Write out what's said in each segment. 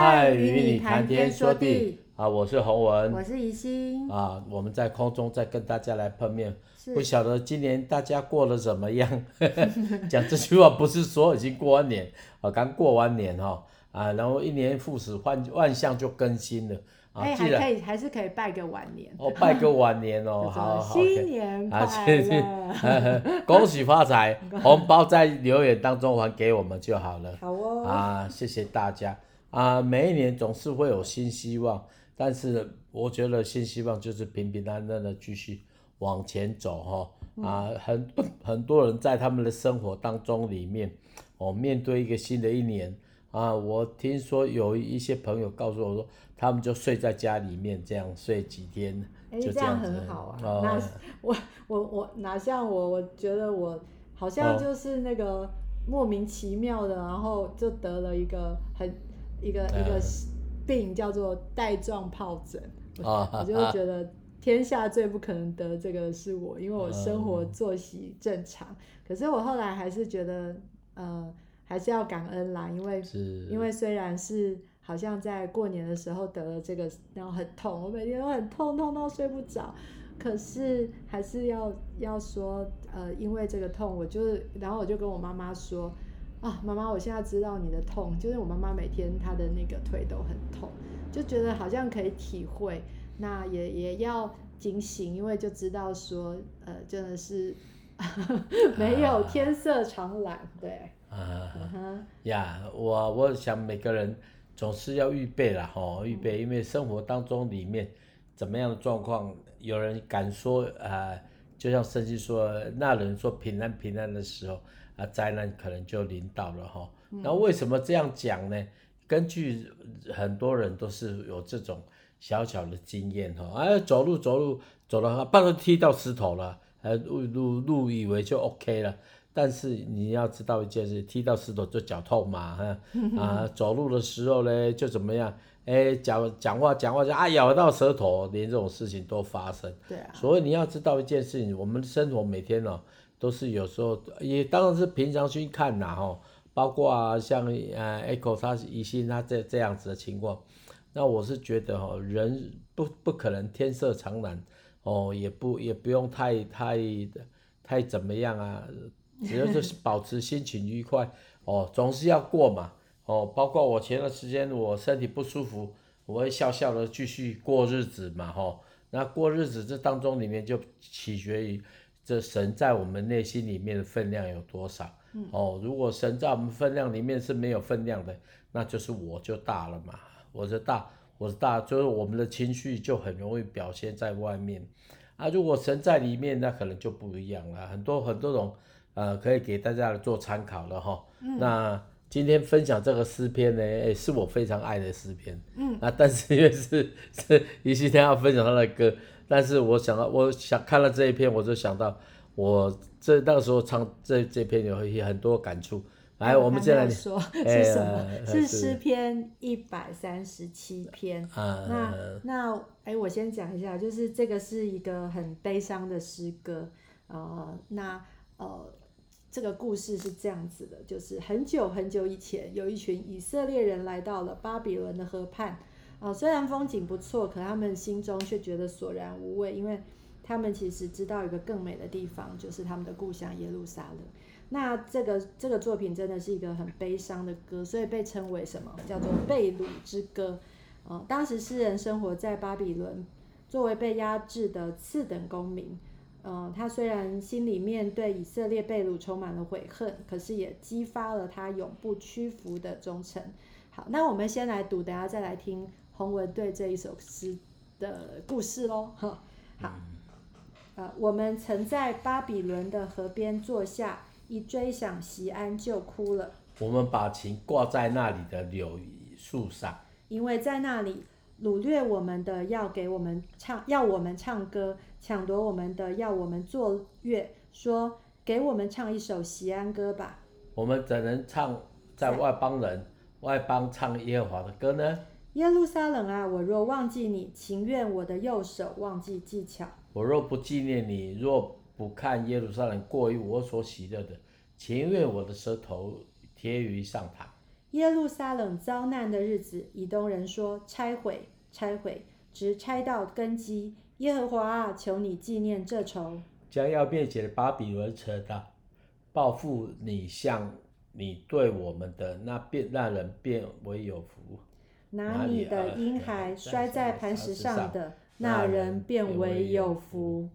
嗨，與你談天說地，說地啊！我是洪文，我是宜心啊！我們在空中再跟大家來碰面，是不曉得今年大家過得怎麼樣？ 講這句話不是說已經過完年，我、啊、剛過完年哈啊，然後一年復始，萬萬象就更新了。哎、啊欸，還可以，還是可以拜個晚年。哦拜個晚年哦， 好，新年快樂謝謝、okay 啊、 恭喜發財！ 紅包在留言當中還給我們就好了。 好哦，啊，謝謝大家。啊，每一年總是會有新希望，但是我覺得新希望就是平平安安的繼續往前走哈、哦嗯。啊，很很多人在他們的生活當中裡面，哦，面對一個新的一年啊，我聽說有一些朋友告訴我說，他們就睡在家裡面這樣睡幾天，哎、欸，這樣很好啊。嗯、我我我哪像我，我覺得我好像就是那個莫名其妙的，哦、然後就得了一個很。一個一個病叫做帶狀皰疹， 我就覺得天下最不可能得這個是我，因為我生活作息正常。可是我後來還是覺得，呃，還是要感恩啦，因為是因為雖然是好像在過年的時候得了這個，然後很痛，我每天都很痛，痛到睡不着。可是還是要要說，呃，因為這個痛，我就是，然後我就跟我媽媽說。啊、哦，媽媽，我現在知道你的痛，就是我媽媽每天她的那個腿都很痛，就覺得好像可以體會，那也也要警醒，因為就知道說，呃，真的是呵呵沒有天色常藍、啊，對，啊，哈、uh-huh，呀、yeah，我我想每個人總是要預備啦，吼、哦，預備，因為生活當中裡面怎麼樣的狀況，嗯、有人敢說，呃就像聖經說，那人說平安平安的時候，啊、呃，災難可能就臨到了哈。那、嗯、為什麼這樣講呢？根據很多人都是有這種小小的經驗哈、哎。走路走路走了，半路踢到石頭了，哎、路路路以為就 OK 了。但是你要知道一件事，踢到石頭就腳痛嘛哈。 啊，走路的時候呢，就怎麼樣？哎、欸，講講話講話就啊，咬到舌頭，連這種事情都發生。對啊。所以你要知道一件事情，我們生活每天哦，都是有時候也當然是平常去看啦吼、哦，包括啊像啊、呃、Echo 他疑心他這這樣子的情況，那我是覺得吼、哦，人不不可能天色常藍，哦，也不也不用太太太怎麼樣啊，只要是保持心情愉快， 哦，總是要過嘛。哦，包括我前段時間我身體不舒服，我會笑笑的繼續過日子嘛，吼。那過日子這當中裡面就取決於這神在我們內心裡面的分量有多少、嗯。哦，如果神在我們分量裡面是沒有分量的，那就是我就大了嘛，我是大，我是大，就是我們的情緒就很容易表現在外面。啊，如果神在裡面，那可能就不一樣了。很多很多種，呃，可以給大家做參考了，吼、嗯。那。今天分享這個詩篇呢、欸，是我非常愛的詩篇。嗯、啊、但是因為是，是一些天要分享他的歌。但是我想到，我想看了這一篇，我就想到，我這那個時候唱這這篇有很很多感觸。來，嗯、我們再來說是什麼？欸、來來來，是詩篇一百三十七篇。啊。那那哎、欸，我先講一下，就是這個是一個很悲傷的詩歌啊、呃。那呃。這個故事是這樣子的，就是很久很久以前，有一群以色列人來到了巴比倫的河畔，啊、呃，雖然風景不錯，可他們心中卻覺得索然無味，因為他們其實知道一個更美的地方，就是他們的故鄉耶路撒冷。那這個這個作品真的是一個很悲傷的歌，所以被稱為什麼？叫做《被擄之歌》啊、呃。當時詩人生活在巴比倫，作為被壓制的次等公民。嗯，他雖然心裡面對以色列被擄充滿了悔恨，可是也激發了他永不屈服的忠誠。好，那我們先來讀，等下再來聽洪文對這一首詩的故事嘍。哈，好，呃、嗯嗯，我們曾在巴比倫的河邊坐下，一追想錫安就哭了。我們把琴掛在那裡的柳樹上，因為在那裡擄掠我們的要給我們唱，要我們唱歌。搶奪我們的，要我們作樂，說給我們唱一首錫安歌吧。我們怎能唱在外邦人外邦唱耶和華的歌呢？耶路撒冷啊，我若忘記你，情願我的右手忘記技巧；我若不紀念你，若不看耶路撒冷過於我所喜樂的，情願我的舌頭貼於上膛。耶路撒冷遭難的日子，以東人說：拆毀，拆毀，直拆到根基。耶和華、啊，求你紀念這仇，將要滅絕的巴比倫城的報復，你向你對我們的那變，那人變為有福，拿你的嬰孩摔在磐石上的那人變為有福。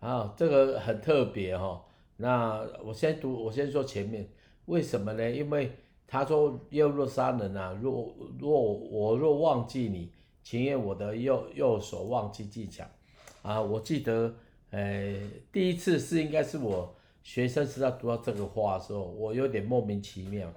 好這個很特別哈、哦。那我先讀，我先說前面，為什麼呢？因為他說：“耶路撒冷啊，若若我若忘記你。”情願我的右右手忘記技巧，啊，我記得，呃、哎，第一次是應該是我學生時代讀到這個話的時候，我有點莫名其妙。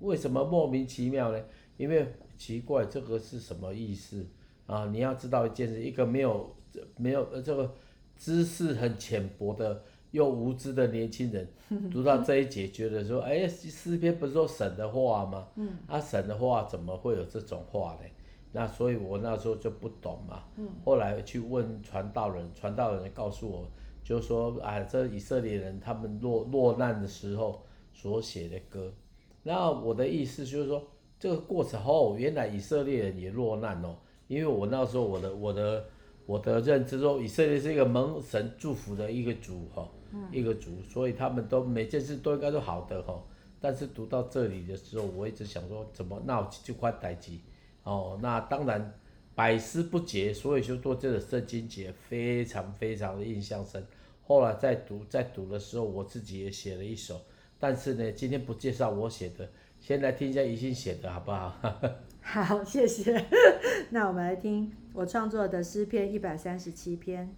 為什麼莫名其妙呢？因為奇怪這個是什麼意思？啊，你要知道一件事，一個沒有沒有這個知識很淺薄的又無知的年輕人，讀到這一節， 覺得說，哎，詩篇不是說神的話嗎？啊，神的話怎麼會有這種話呢？那所以，我那時候就不懂嘛。嗯、後來去問傳道人，傳道人告訴我，就說啊，這以色列人他們落落難的時候所寫的歌。那我的意思就是說，這個過程後，原來以色列人也落難哦、喔。因為我那時候我的我的我的認知說，以色列是一個蒙神祝福的一個族哈、喔嗯，一個族，所以他們都每件事都應該都好的哈、喔。但是讀到這裡的時候，我一直想說，怎麼鬧就快打擊。哦，那當然，百思不解，所以就做這個聖經節，非常非常的印象深。後來在讀在讀的時候，我自己也寫了一首，但是呢，今天不介紹我寫的，先來聽一下怡心寫的好不好？哈哈。好，謝謝。那我們來聽我創作的詩篇一百三十七篇。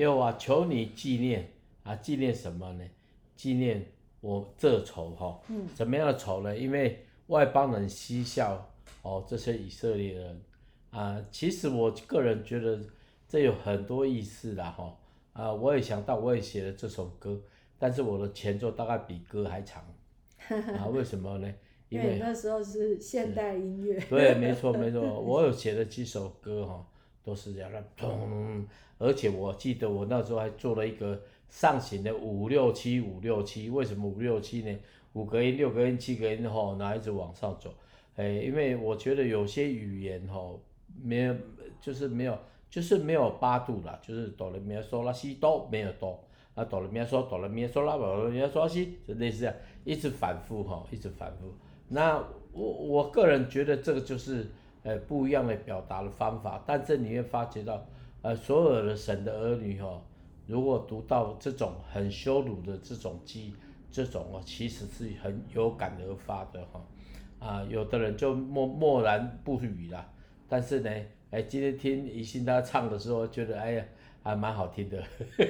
因為我求你紀念啊，紀念什麼呢？紀念我這仇哈？嗯。什麼樣的仇呢？因為外邦人嬉笑哦，這些以色列人啊。其實我個人覺得這有很多意思啦。哈。啊，我也想到，我也寫了這首歌，但是我的前奏大概比歌還長。 啊？為什麼呢？因，因為那時候是現代音樂。 對，沒錯沒錯，我有寫了幾首歌哈。都是這樣了，噔，而且我記得我那時候還做了一個上行的五六七五六七，為什麼五六七呢？五個音六個音七個音哈，然後一直往上走，誒、欸，因為我覺得有些語言哈，沒有就是沒有就是沒有八度啦，就是哆來咪嗦啦西哆沒有哆，那哆來咪嗦哆來咪嗦啦哆來咪嗦啦西，就類似這樣，一直反覆哈，一直反覆。那我我個人覺得這個就是。誒，不一樣的表達的方法，但是你會發覺到，呃，所有的神的兒女、哦、如果讀到這種很羞辱的這種記，這種哦，其實是很有感而發的哈、哦。啊、呃，有的人就默默然不語啦。但是呢，誒今天聽宜興他唱的時候，覺得、哎、呀，還蠻好聽的。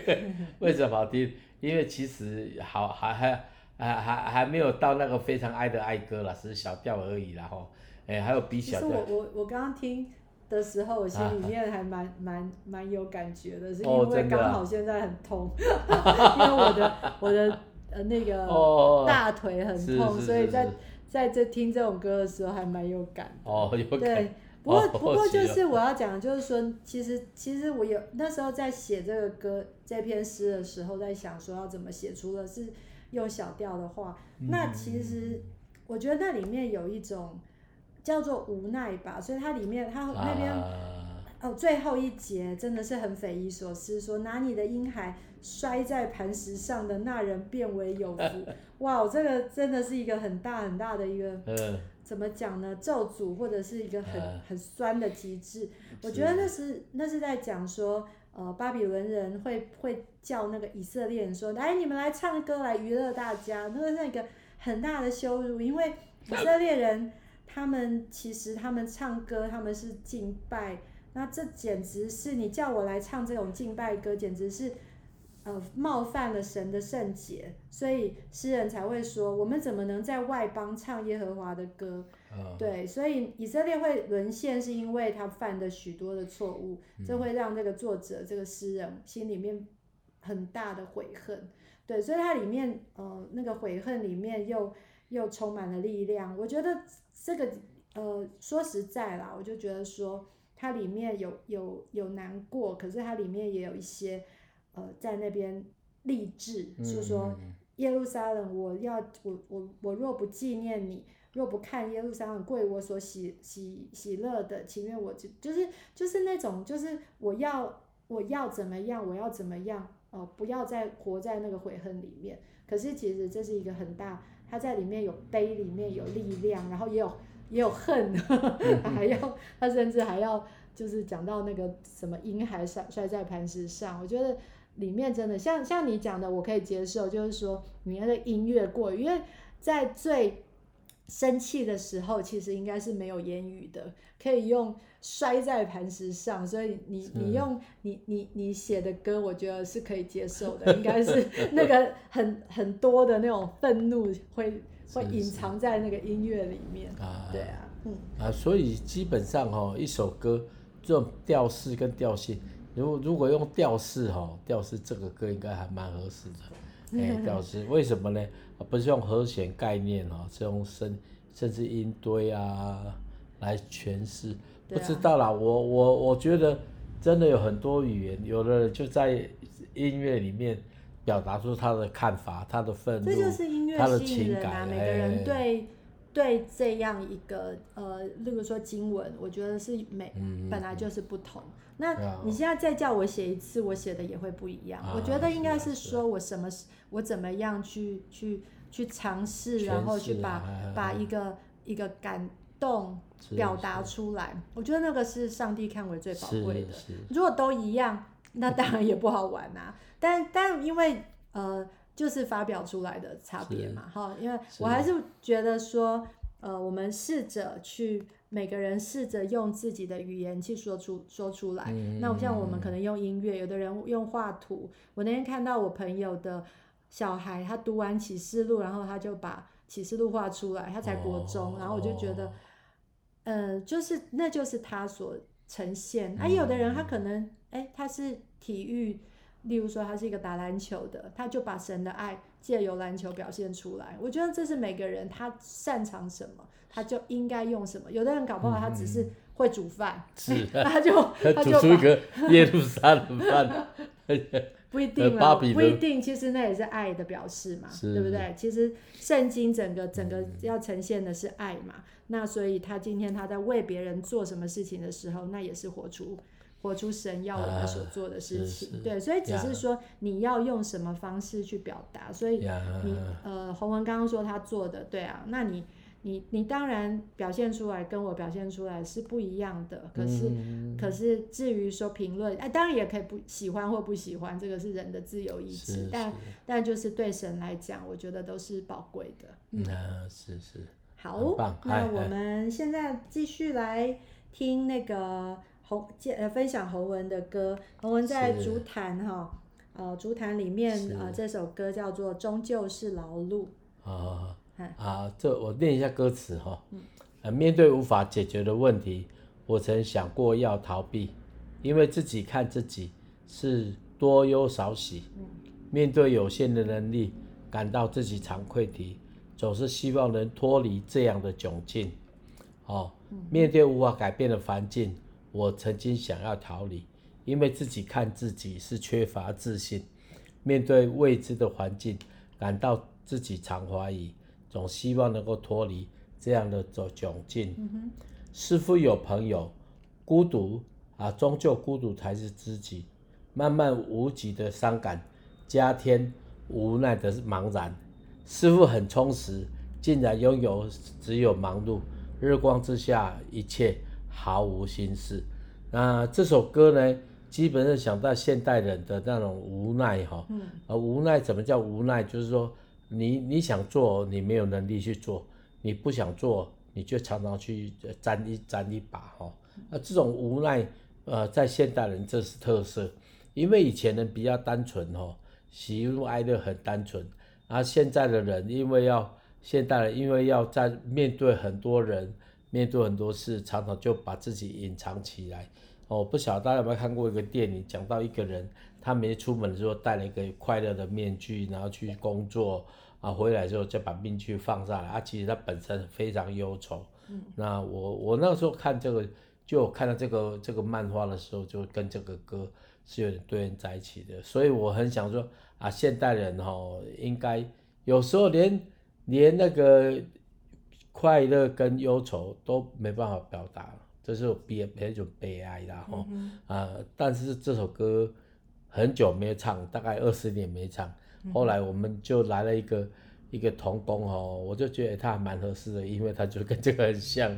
為什麼好聽？因為其實好還還還還還沒有到那個非常哀的哀歌了，只是小調而已啦、哦哎、欸，還有 B 小。其實我我我剛剛聽的時候，我心裡面還蠻蠻蠻有感覺的，是因為剛好現在很痛，哦、啊、因為我的 我的呃那個大腿很痛，哦，所以在在、在這聽這種歌的時候還蠻有感的。哦，有感。對，不過不過就是我要講，就是說，其實其實我有那時候在寫這個歌這篇詩的時候，在想說要怎麼寫，出了是用小調的話、嗯，那其實我覺得那裡面有一種。叫做無奈吧，所以它裡面它那邊、uh... 哦，最後一節真的是很匪夷所思，說拿你的嬰孩摔在磐石上的那人變為有福，哇、 wow，這個真的是一個很大很大的一個，uh... 怎麼講呢？咒詛或者是一個很、uh... 很酸的機制。我覺得那是那是在講說，呃，巴比倫人會會叫那個以色列人說，哎，你們來唱歌來娛樂大家，那個是一個很大的羞辱，因為以色列人。 他們其實，他們唱歌，他們是敬拜。那這簡直是你叫我來唱這種敬拜歌，簡直是呃冒犯了神的聖潔。所以詩人才會說：“我們怎麼能在外邦唱耶和華的歌？”對，所以以色列會淪陷，是因為他犯的許多的錯誤，這會讓這個作者、嗯、這個詩人心裡面很大的悔恨。對，所以他裡面呃那個悔恨裡面又。又充滿了力量，我覺得這個，呃，說實在啦，我就覺得說它裡面有有有難過，可是它裡面也有一些，呃，在那邊勵志，嗯嗯嗯就是、說耶路撒冷我，我要我我我若不紀念你，若不看耶路撒冷，貴我所喜喜喜樂的，情願我就就是就是那種就是我要我要怎麼樣，我要怎麼樣，哦、呃，不要再活在那個悔恨裡面。可是其實這是一個很大。他在裡面有悲，裡面有力量，然後也有也有恨，嗯、還要他甚至還要就是講到那個什麼嬰孩摔摔在磐石上。我覺得裡面真的像像你講的，我可以接受，就是說你那個音樂過，因為在最生氣的時候，其實應該是沒有言語的，可以用。摔在磐石上，所以你你用你你你寫的歌，我覺得是可以接受的，應該是那個很很多的那種憤怒會會隱藏在那個音樂裡面是是。啊，對啊，嗯啊，所以基本上哦，一首歌這種調式跟調性，如果如果用調式哦，調式這個歌應該還蠻合適的。 哎、調式、為什麼呢？不是用和弦概念哦，是用聲甚至音堆啊來詮釋。不知道啦，啊、我我我覺得真的有很多語言，有的人就在音樂裡面表達出他的看法、他的憤怒、這就是音樂他的情感。啊、每個人對、欸、對這樣一個呃，例如說經文，我覺得是每、嗯、本來就是不同。那你現在再叫我寫一次，嗯、我寫的也會不一樣。啊、我覺得應該是說我什麼是、啊是啊、我怎麼樣去去去嘗試、啊，然後去把把一個一個感。動表達出來，我覺得那個是上帝看為最寶貴的。如果都一樣，那當然也不好玩啊。 但但因為呃，就是發表出來的差別嘛，哈。因為我還是覺得說，呃，我們試着去每個人試着用自己的語言去說出說出來、嗯。那像我們可能用音樂，有的人用畫圖。我那天看到我朋友的小孩，他讀完啟示錄，然後他就把啟示錄畫出來。他才國中，哦、然後我就覺得。呃，就是，那就是他所呈現。而、啊、有的人，他可能，哎、嗯欸，他是體育，例如說他是一個打籃球的，他就把神的愛借由籃球表現出來。我覺得這是每個人他擅長什麼，他就應該用什麼。有的人搞不好他只是會煮飯、嗯欸，是、啊，他就他就把煮出一個耶路撒冷飯。 不一定了，不一定，其實那也是愛的表示嘛，對不對？其實聖經整個整個要呈現的是愛嘛，嗯、那所以他今天他在為別人做什麼事情的時候，那也是活出活出神要我們所做的事情、啊是是，對，所以只是說你要用什麼方式去表達、啊，所以你呃，洪文剛剛說他做的，對啊，那你。你你當然表現出來跟我表現出來是不一樣的，可是、嗯、可是至於說評論，哎、啊，當然也可以不喜歡或不喜歡，這個是人的自由意志，是是但但就是對神來講，我覺得都是寶貴的嗯。嗯，是是。好，那我們現在繼續來聽那個侯、哎、呃分享侯文的歌，侯文在築壇哈、哦，呃築壇裡面啊這首歌叫做《終究是勞碌》啊。哦啊，這我念一下歌詞哈。面對無法解決的問題，我曾想過要逃避，因為自己看自己是多憂少喜。面對有限的能力，感到自己慚愧體，總是希望能脫離這樣的窘境。哦。面對無法改變的環境，我曾經想要逃離，因為自己看自己是缺乏自信。面對未知的環境，感到自己常懷疑。總希望能夠脫離這樣的窘窘境。嗯、似乎有朋友，孤獨啊，終究孤獨才是知己。漫漫無際的傷感，加添無奈的茫然。似乎很充實，竟然擁有只有忙碌。日光之下，一切毫無心事。那這首歌呢，基本上想到現代人的那種無奈哈，啊、嗯，無奈怎麼叫無奈？就是說。你你想做，你沒有能力去做；你不想做，你就常常去沾一沾一把哦。這種無奈，呃，在現代人這是特色，因為以前人比較單純哦，喜怒哀樂很單純。而，啊，現在的人因為要現代人因為要在面對很多人，面對很多事，常常就把自己隱藏起來。哦，不曉得大家有沒有看過一個電影，講到一個人。他每次出門的時候戴了一個快樂的面具，然後去工作，啊，回來之後再把面具放下來。啊，其實他本身非常憂愁、嗯。那我我那個時候看這個，就我看到這個這個漫畫的時候，就跟這個歌是有點對應在一起的。所以我很想說啊，現代人哦，應該有時候連連那個快樂跟憂愁都沒辦法表達了，這是我憋的一種悲哀啦吼啊、嗯呃，但是這首歌。很久沒有唱，大概二十年沒唱。後來我們就來了一個、嗯、一個同工哦，我就覺得他還蠻合適的，因為他就跟這個很像。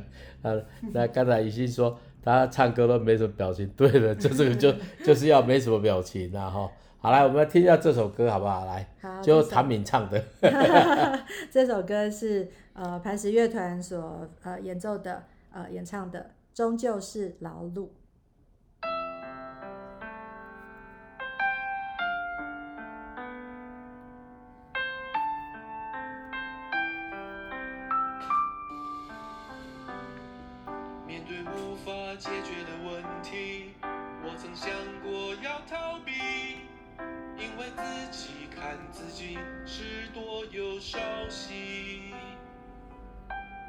呃，那、嗯、剛才怡欣說他唱歌都沒什麼表情，嗯、對的，就這、是、個就、嗯、就是要沒什麼表情然、啊、哈。好來我們來聽一下這首歌好不好？來，就唐敏唱的。嗯、 這首歌是呃磐石樂團所呃演奏的呃演唱的，終究是勞碌。自己是多有少喜，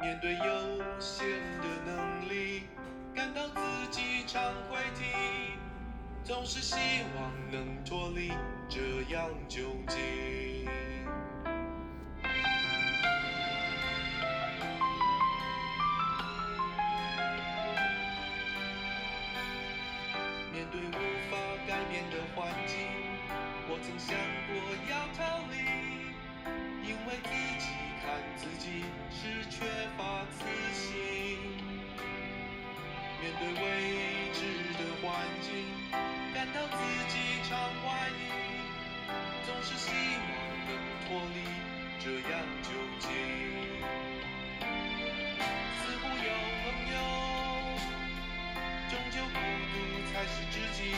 面對有限的能力，感到自己常灰氣，總是希望能脫離這樣窘境。面對。自己是缺乏自信，面對未知的環境，感到自己常懷疑，總是希望能脫離這樣究竟。似乎有朋友，終究孤獨才是知己，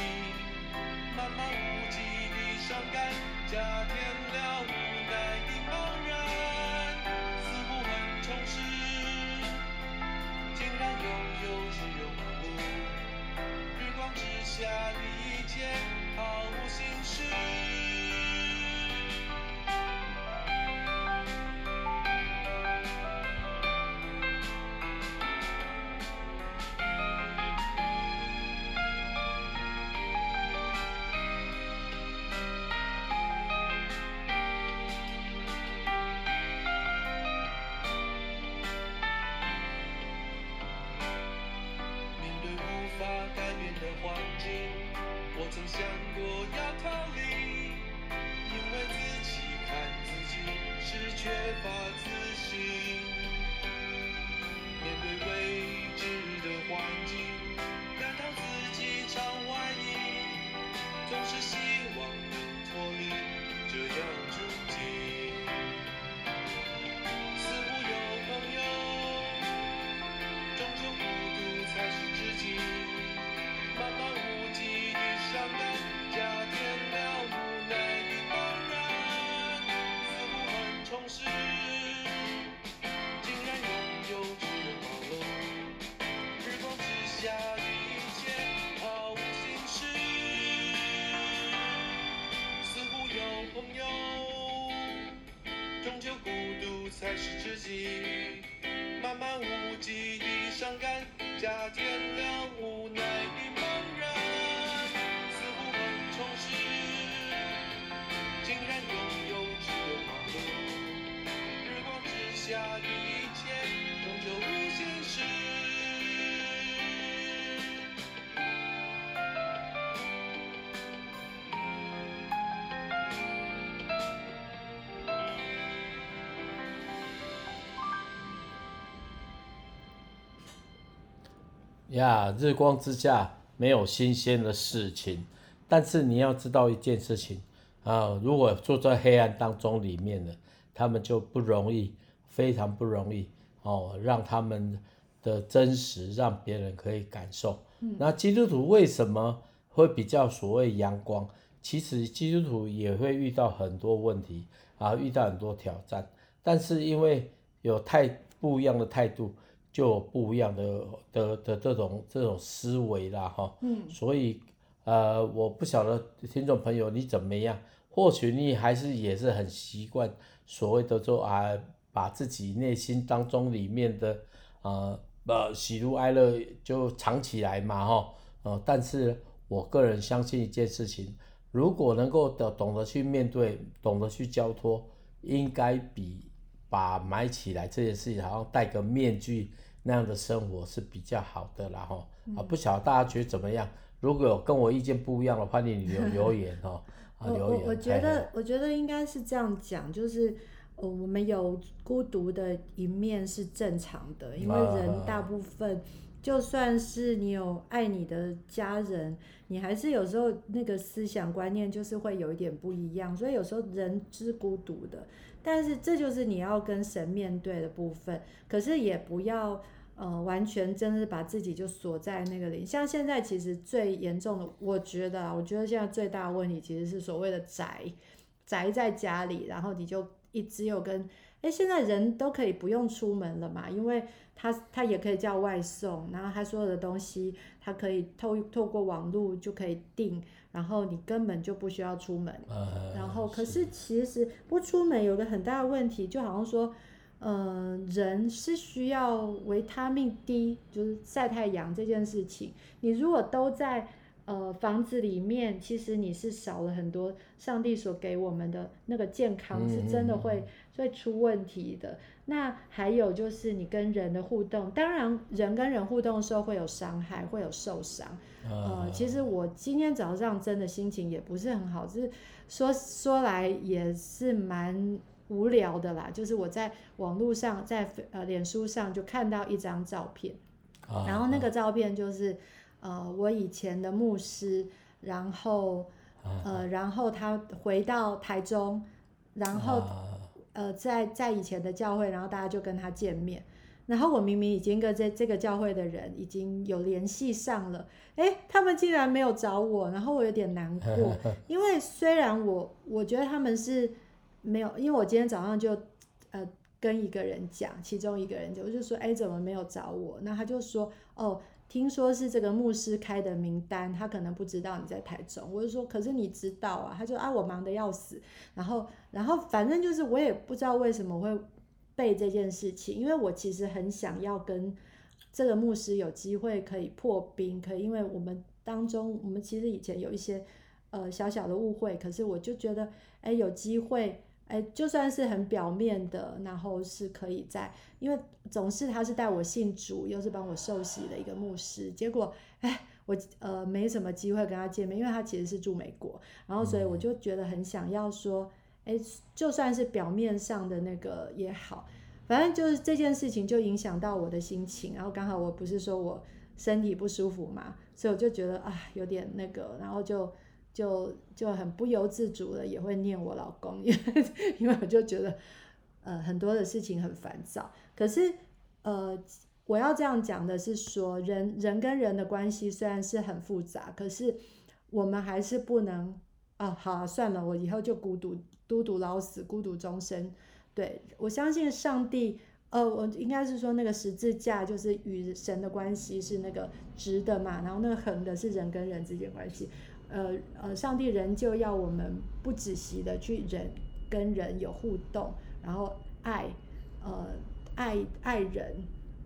漫漫無際的傷感。呀、yeah，日光之下沒有新鮮的事情，但是你要知道一件事情啊、呃，如果坐在黑暗當中裡面呢，他們就不容易，非常不容易哦，讓他們的真實讓別人可以感受、嗯。那基督徒為什麼會比較所謂陽光？其實基督徒也會遇到很多問題啊，遇到很多挑戰，但是因為有太不一樣的態度。就不一樣的的的，的這種這種思維啦，哈，嗯，所以呃，我不曉得聽眾朋友你怎麼樣，或許你還是也是很習慣所謂的說啊，把自己內心當中裡面的呃呃、啊、喜怒哀樂就藏起來嘛，哈，呃，但是我個人相信一件事情，如果能夠懂懂得，去面對，懂得去交托，應該比把埋起來這件事情，好像戴個面具，那樣的生活是比較好的，然後啊！不曉得大家覺得怎麼樣？如果有跟我意見不一樣的話，你留留言哦、喔，啊， 留言。我我覺得我覺得應該是這樣講，就是呃，我們有孤獨的一面是正常的，因為人大部分、嗯、就算是你有愛你的家人，你還是有時候那個思想觀念就是會有一點不一樣，所以有時候人是孤獨的，但是這就是你要跟神面對的部分，可是也不要。呃，完全真的是把自己就鎖在那個裡。像現在其實最嚴重的，我覺得啊，我覺得現在最大的問題其實是所謂的宅，宅在家裡，然後你就一直有跟誒，現在人都可以不用出門了嘛，因為他他也可以叫外送，然後他所有的東西他可以透透過網絡就可以訂，然後你根本就不需要出門。啊，然後，是，可是其實不出門有個很大的問題，就好像說。呃，人是需要維他命 D，就是曬太陽這件事情。你如果都在呃房子裡面，其實你是少了很多上帝所給我們的那個健康，是真的會、mm -hmm. 會出問題的。那還有就是你跟人的互動，當然人跟人互動的時候會有傷害，會有受傷。Uh -huh. 呃，其實我今天早上真的心情也不是很好，只是說說來也是蠻。無聊的啦，就是我在網路上，在呃臉書上就看到一張照片，啊、然後那個照片就是、啊、呃我以前的牧師，然後、啊、呃然後他回到台中，然後、啊、呃在在以前的教會，然後大家就跟他見面，然後我明明已經跟這這個教會的人已經有聯繫上了，欸，他們竟然沒有找我，然後我有點難過， 因為雖然我我覺得他們是。沒有，因為我今天早上就，呃，跟一個人講，其中一個人就我就說，哎，怎麼沒有找我？那他就說，哦，聽說是這個牧師開的名單，他可能不知道你在台中。我就說，可是你知道啊？他就啊，我忙得要死。然後，然後反正就是我也不知道為什麼會背這件事情，因為我其實很想要跟這個牧師有機會可以破冰，可以，因為我們當中我們其實以前有一些呃小小的誤會，可是我就覺得，哎，有機會。哎，就算是很表面的，然後是可以在，因為總是他是帶我信主，又是幫我受洗的一個牧師，結果哎，我呃沒什麼機會跟他見面，因為他其實是住美國，然後所以我就覺得很想要說，哎，就算是表面上的那個也好，反正就是這件事情就影響到我的心情，然後剛好我不是說我身體不舒服嘛，所以我就覺得啊有點那個，然後就。就就很不由自主的也會念我老公，因為因為我就覺得呃很多的事情很煩躁。可是呃我要這樣講的是說，人人跟人的關係雖然是很複雜，可是我們還是不能啊，好啊算了，我以後就孤獨孤獨老死，孤獨終生。對，我相信上帝，呃我應該是說那個十字架就是與神的關係是那個直的嘛，然後那個橫的是人跟人之間關係。呃呃，上帝仍舊要我們不止息的去人跟人有互動，然後愛，呃愛愛人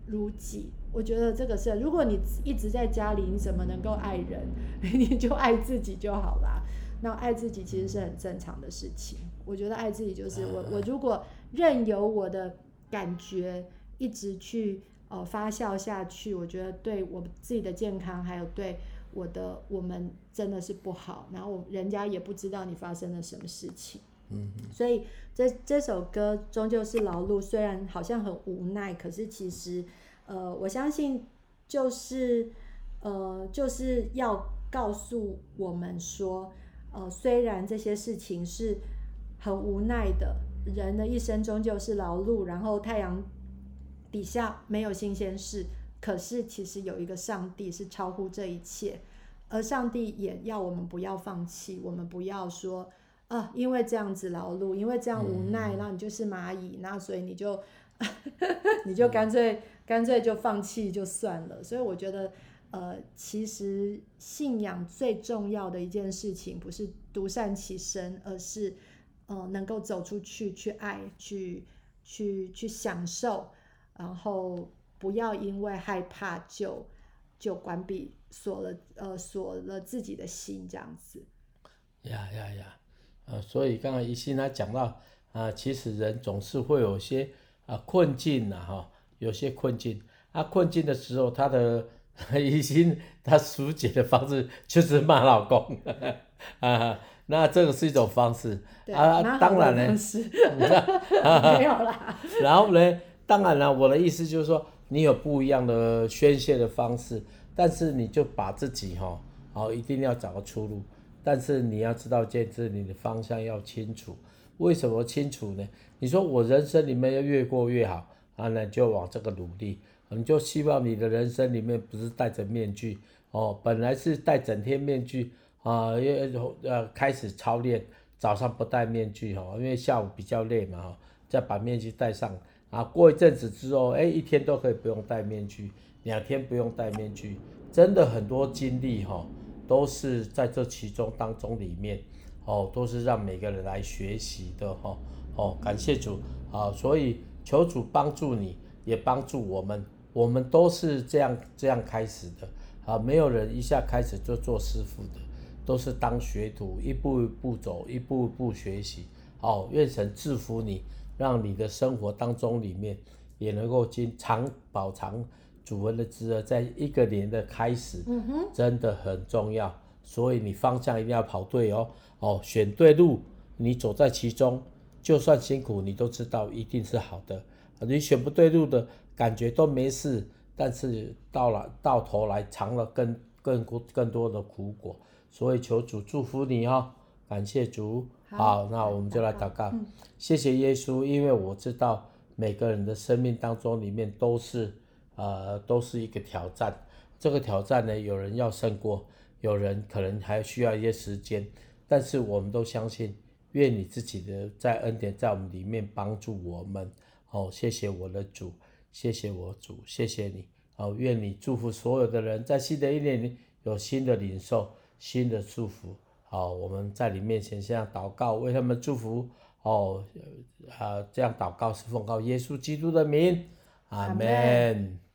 如己。我覺得這個是，如果你一直在家裡，你怎麼能夠愛人？你就愛自己就好啦。那愛自己其實是很正常的事情。我覺得愛自己就是我我如果任由我的感覺一直去呃發酵下去，我覺得對我自己的健康還有對。我的我們真的是不好，然後我人家也不知道你發生了什麼事情，嗯，所以這這首歌終究是勞碌，雖然好像很無奈，可是其實，呃，我相信就是呃就是要告訴我們說，呃，雖然這些事情是很無奈的，人的一生終究是勞碌，然後太陽底下沒有新鮮事。可是，其實有一個上帝是超乎這一切，而上帝也要我們不要放棄，我們不要說啊，因為這樣子勞碌，因為這樣無奈，那、嗯、你就是螞蟻，那所以你就 你就乾脆、嗯、乾脆就放棄就算了。所以我覺得，呃，其實信仰最重要的一件事情不是獨善其身，而是呃能夠走出去去愛，去去去享受，然後。不要因為害怕就就關閉鎖了，呃，鎖了自己的心這樣子。呀呀呀，呃，所以剛剛一心來講到，啊、呃，其實人總是會有些啊、呃、困境吶、啊，哈、哦，有些困境。啊，困境的時候，他的一心他紓解的方式就是罵老公，呵呵啊、那這個是一種方式 啊，當然了。啊、 沒有啦。然後呢，當然了，我的意思就是說。你有不一樣的宣洩的方式，但是你就把自己哈，哦，一定要找個出路。但是你要知道，堅持你的方向要清楚。為什麼清楚呢？你說我人生裡面要越過越好，啊，那就往這個努力。你就希望你的人生裡面不是戴着面具哦，本來是戴整天面具啊，要要開始操練，早上不戴面具哈，因為下午比較累嘛，再把面具戴上。啊，過一陣子之後，哎、欸，一天都可以不用戴面具，兩天不用戴面具，真的很多經歷哈，都是在這其中當中裡面，哦，都是讓每個人來學習的哈、哦，哦，感謝主啊，所以求主幫助你，也幫助我們，我們都是這樣這樣開始的啊，沒有人一下開始就做師父的，都是當學徒，一步一步走，一步一步學習，哦，願神祝福你。讓你的生活當中裡面也能夠經常飽嘗主恩的滋潤，在一個年的開始，真的很重要。所以你方向一定要跑對哦，哦，選對路，你走在其中，就算辛苦，你都知道一定是好的。你選不對路的感覺都沒事，但是到了到頭來嘗了更更更多的苦果。所以求主祝福你哦，感謝主。好，好，那我們就來禱告。嗯。謝謝耶穌，因為我知道每個人的生命當中裡面都是呃都是一個挑戰。這個挑戰呢，有人要勝過，有人可能還需要一些時間。但是我們都相信，願你自己的在恩典在我們裡面幫助我們。好、哦，謝謝我的主，謝謝我主，謝謝你。好、哦，願你祝福所有的人，在新的一年裡有新的領受，新的祝福。哦，我們在你面前這樣禱告，為他們祝福。哦，啊，這樣禱告是奉告耶穌基督的名。阿門。阿